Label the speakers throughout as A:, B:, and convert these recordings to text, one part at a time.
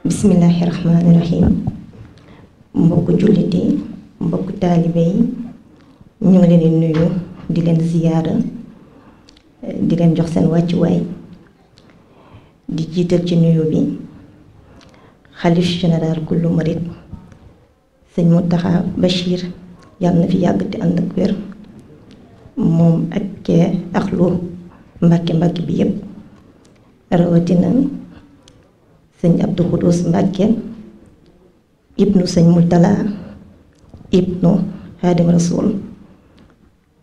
A: bismillaahi rahmaani rahim mbokk jullit yi mbokk taalibe yi leen di nuyu di leen ziyaara di leen jox seen wàccuwaay di jiital ci nuyu bi xalif général kullu murit sëñ Mountakha Bachir yàlla yàgg te ànd ak moom ak eh, ak lu mbàkke mbàkke bi yépp rawatina sëñ Abdou Khoudous Mbacke ibnu sëñ Murtala ibnu Xaadim Rasul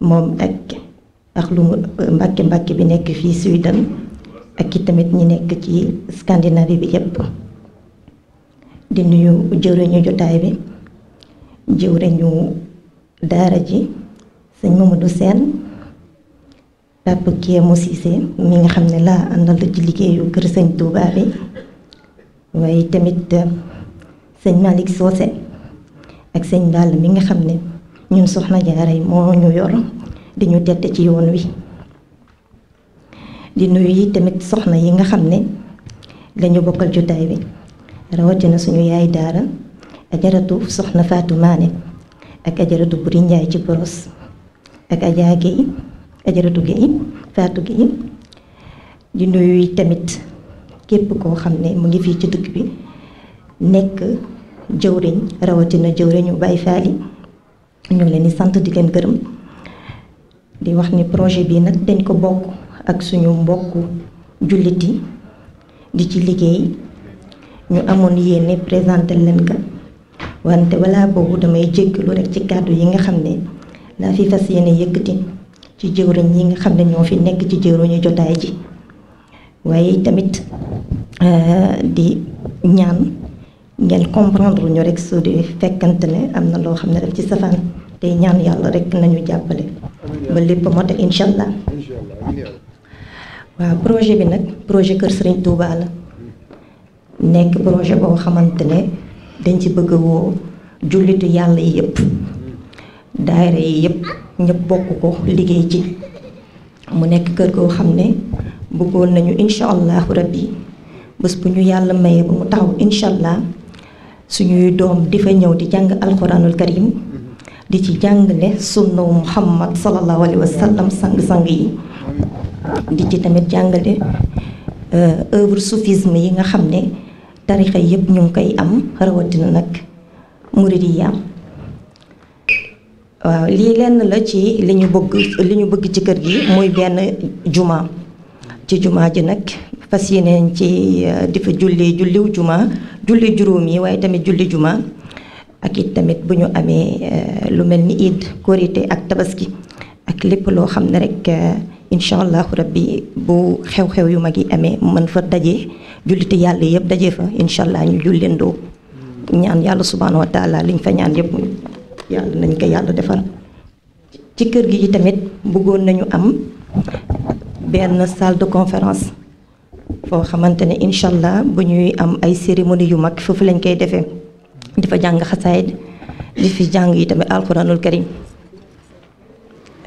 A: moom ak ak lu Mbacke Mbacke bi nekk fii Suède ak i tamit ñi nekk ci Scandinavie bi yépp di nuyu jëwriñu jotaay bi jëwriñu daara ji sëñ Mamadou Sène Pape Kiyemou Cissé mi nga xam ne laa àndal ci liggéeyu kër sëñ Touba waaye tamit eh, sëñ Malick Socé ak sëñ Balla mi nga xam ne ñun soxna yi moo ñu yor di ñu tette ci yoon wi di nuyu yi tamit soxna yi nga xam ne lañu bokkal jotaay bi rawatina suñu yaay daara ajaratu soxna Fatou Mané ak ajaratu Buri Njaay ci boros ak Adja Guèye ajaratu Guèye Fatou Guèye di nuyu yi tamit képp koo xam ne mu ngi fii ci dëkk bi nekk jëwriñ rawatina jëwriñu Baye Faly ñu leen di sant di leen gërëm di wax ni projet bii nag dañ ko bokk ak suñu mbokku jullit yi di ci liggéey ñu amoon yéene présenté leen ka wante wala boobu damay jéggalu rek ci kàddu yi nga xam ne laa fi fas yéene yëkkati ci jëwriñ yi nga xam ne ñoo fi nekk ci jëwriñu jotaay ji waaye tamit Euh, di ñaan ngeen comprendre ñu rek su di fekkante ne am na loo xam ne daf ci safaan tey ñaan yàlla rek nañu jàppale ba lépp mote incha allah waaw projet bi nag projet Kër Serigne Touba la nekk projet boo xamante ne dañ ci bëgg woo jullitu yàlla yi yëpp daayira yi yëpp ñëpp bokk ko liggéey ci mu nekk kër goo xam ne bëggoon nañu incha allahu yi bés bu ñu yàlla mayee ba mu taxaw incha allah suñuy doom di fa ñëw di jàng alquranul karim di ci jàngale sunnawu muhammad sallallahu alayhi wa sallam sang-sang yi di ci tamit jàngale euh, œuvre soufisme yi nga xam ne tarixa yëpp ñu ngi koy am rawatina nag muridiya waaw lii lenn la ci li ñu bëgg li ñu bëgg ci kër gi muy benn juma ci jumaa ji nag fas yéeneen ci euh, di fa julli julliw juma julli juróom yi waaye tamit julli juma ak it tamit bu ñu amee euh, lu mel ni iid korité ak tabaski ak lépp loo xam ne rek euh, incha allahu rabbi bu xew-xew yu mag yi amee mën fa daje julliti yàlla yëpp daje fa incha allah ñu julleendoo ñaan yàlla subhaanahu wa liñ fa ñaan yëpp yàlla nañ ko yàlla defal ci kër gi yi tamit bëggoon nañu am benn salle de conférence foo xamante ne incha allah bu ñuy am ay cérémonie yu mag foofu lañ koy defee di fa jàng xasaayid di fi jàng yi tamit alquranul karim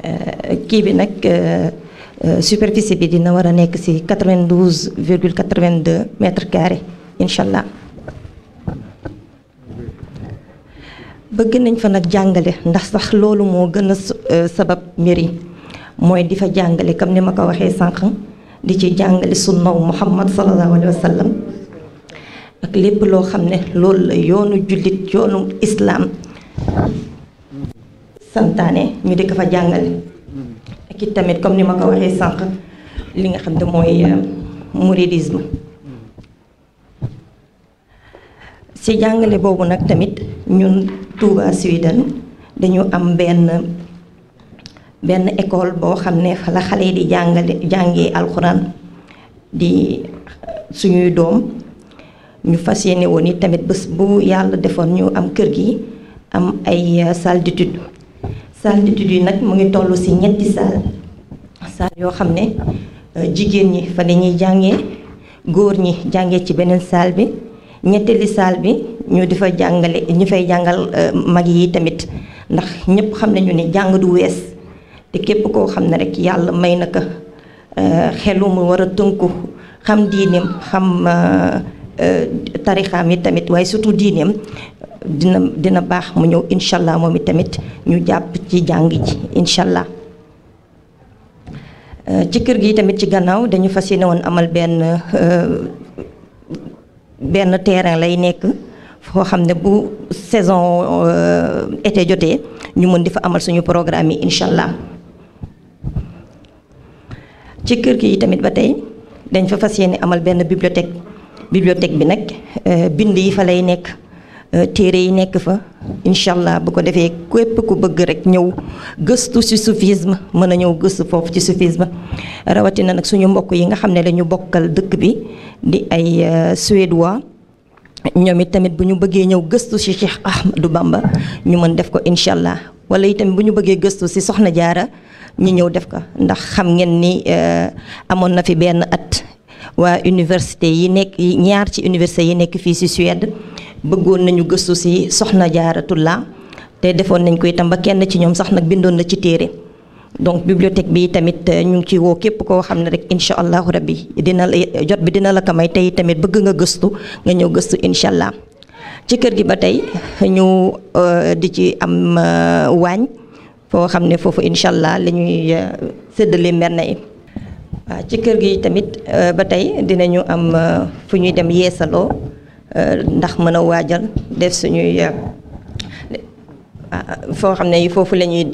A: euh, kii bi nag euh, euh, superficie bi dina war a nekk ci 92 virgule 82 mètre carré incha allah bëgg nañ fa nag jàngale ndax sax loolu moo gën a sabab mbir yi mooy di fa jàngale comme ni ma ko waxee sànq. di ci jàngale sunnaw muhammad sallallahu alayhi ak lépp loo xam ne loolu la yoonu jullit yoonu islaam santaane ñu di ko fa jàngale ak it tamit comme ni ma ko waxee sànq li nga xam ne mooy ci euh, jàngale boobu nag tamit ñun Touba Sweden dañu am benn benn école boo xam ne fa xale yi di jàngale jàngee alxuraan di euh, suñuy doom ñu fas yéene woon yi tamit bés bu yàlla defoon ñu am kër gi am ay euh, salle d'étude yi nag mu ngi toll ci ñetti salle salle yoo xam ne euh, jigéen ñi fa lañuy jàngee góor ñi jàngee ci beneen salle bi ñetteeli salle bi ñu di fa jàngale ñu fay jàngal mag yi tamit ndax ñëpp xam nañu ne jàng du wees te képp koo xam ne rek yàlla may na ko euh, xelu mu war a tënku xam diineem xam euh, euh, tarixaam yi tamit waaye surtout diineem dina dina baax mu ñëw incha allah moom it tamit ñu jàpp ci jàng ji incha allah. ci kër gi tamit ci gannaaw dañu fas yéene woon amal benn benn terrain lay nekk foo xam ne bu saison été jotee ñu mën di fa amal suñu programme yi incha allah. ci kër gi tamit ba tey dañ fa fas yéene amal benn bibliothèque bibliothèque bi nag euh, bind yi fa lay nekk euh, téere yi nekk fa incha allah bu ko defee képp ku bëgg rek ñëw gëstu ci soufisme mën a ñëw gëstu foofu ci soufisme rawatina nag suñu mbokk yi nga xam ne la ñu bokkal dëkk bi di ay euh, suédois ñoom it tamit bu ñu bëggee ñëw gëstu ci ah du Bamba ñu mën def ko incha allah wala itam bu ñu bëggee gëstu si soxna jaara ñu ñëw def ko ndax xam ngeen ni euh, amoon na fi benn at waa université yi nekk ñaar ci université yi nekk fii si Suède bëggoon nañu gëstu si soxna jaaratulla te defoon nañ ko itam ba kenn ci ñoom sax nag bindoon na ci téere donc bibliothèque bi tamit euh, ñu ngi ci woo képp koo xam ne rek incha allahu rabbi dina la jot bi dina la ko may tey tamit bëgg nga gëstu nga ñëw gëstu incha allah. ci kër gi ba tey ñu euh, di ci am euh, waañ foo xam ne foofu incha allah la ñuy euh, séddale yi waaw ci kër gi tamit ba tey dinañu am fu ñuy dem yeesaloo ndax mën a waajal def suñuy foo xam ne foofu la ñuy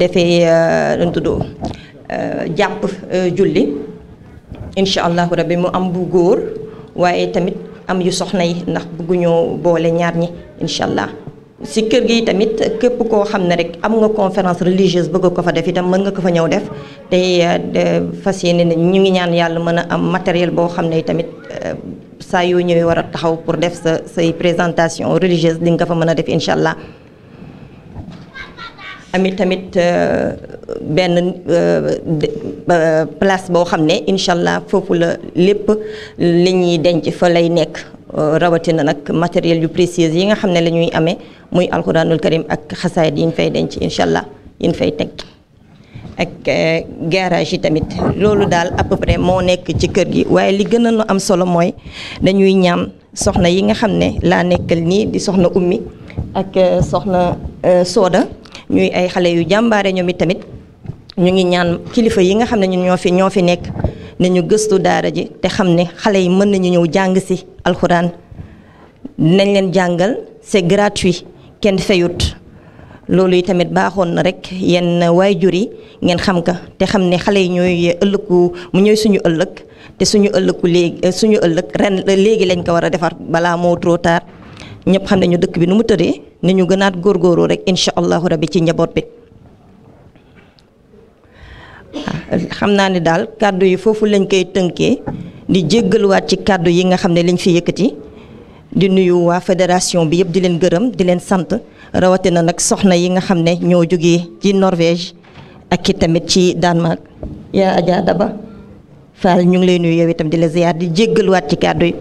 A: defee luñ tudd jàpp julli incha allahu rabbi mu am bu góor waaye tamit am yu soxna yi ndax bëgguñoo boole ñaar ñi incha allah. si kër gi tamit képp koo xam ne rek am nga conférence religieuse bëgg ko fa def itam mën nga ko fa ñëw def te fas yéene ne ñu ngi ñaan yàlla mën a am matériel boo xam ne tamit eh, saa yoo ñëwee war a taxaw pour def sa say présentation religieuse di nga fa mën a def incha allah. amit tamit euh, benn euh, euh, place boo xam ne incha allah foofu la lépp li ñuy denc fa lay nekk rawatina nag matériel yu précieux yi nga xam ne lañuy ñuy amee muy alquranul karim ak xasaayid yi ñu fay denc incha allah yi fay teg ak garage yi tamit loolu daal à peu moo nekk ci kër gi waaye li gën a nu am solo mooy dañuy ñaan soxna yi nga xam ne laa nekkal nii di soxna ummi ak soxna sooda ñuy ay xale yu jàmbaare ñoom it tamit ñu ngi ñaan kilifa yi nga xam ne ñu ñoo fi ñoo fi nekk ne ñu gëstu daara ji te xam ne xale yi mën nañu ñëw jàng si alxuraan dinañ leen jàngal c'est gratuit kenn feyut loolu yi tamit baaxoon na rek yenn waajur yi ngeen xam ka te xam ne xale yi ñooy ëllëgu mu ñëw suñu ëllëg te suñu ëllëgu suñu ëllëg ren léegi lañ ko war a defar balaa moo trop ñëpp xam nañu dëkk bi nu mu tëddee ne ñu gënaat góorgóorlu rek incha allahu rabi ci njaboot bi ah, xam naa ni daal kàddu yi foofu lañ koy tënkee di jéggaluwaat ci kàddu yi nga xam ne lañ fi yëkkati di nuyu waa fédération bi yëpp di leen gërëm di leen sant rawatina nag soxna yi nga xam ne ñoo jógee ci Norvège ak i tamit ci Danemark yaa Adja ba Fall ñu ngi lay nuyu yow itam di la ziyaar di jéggaluwaat ci kàddu yi.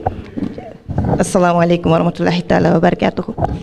A: asalaamaaleykum wa rahmatullahi taala wa barakaatuhu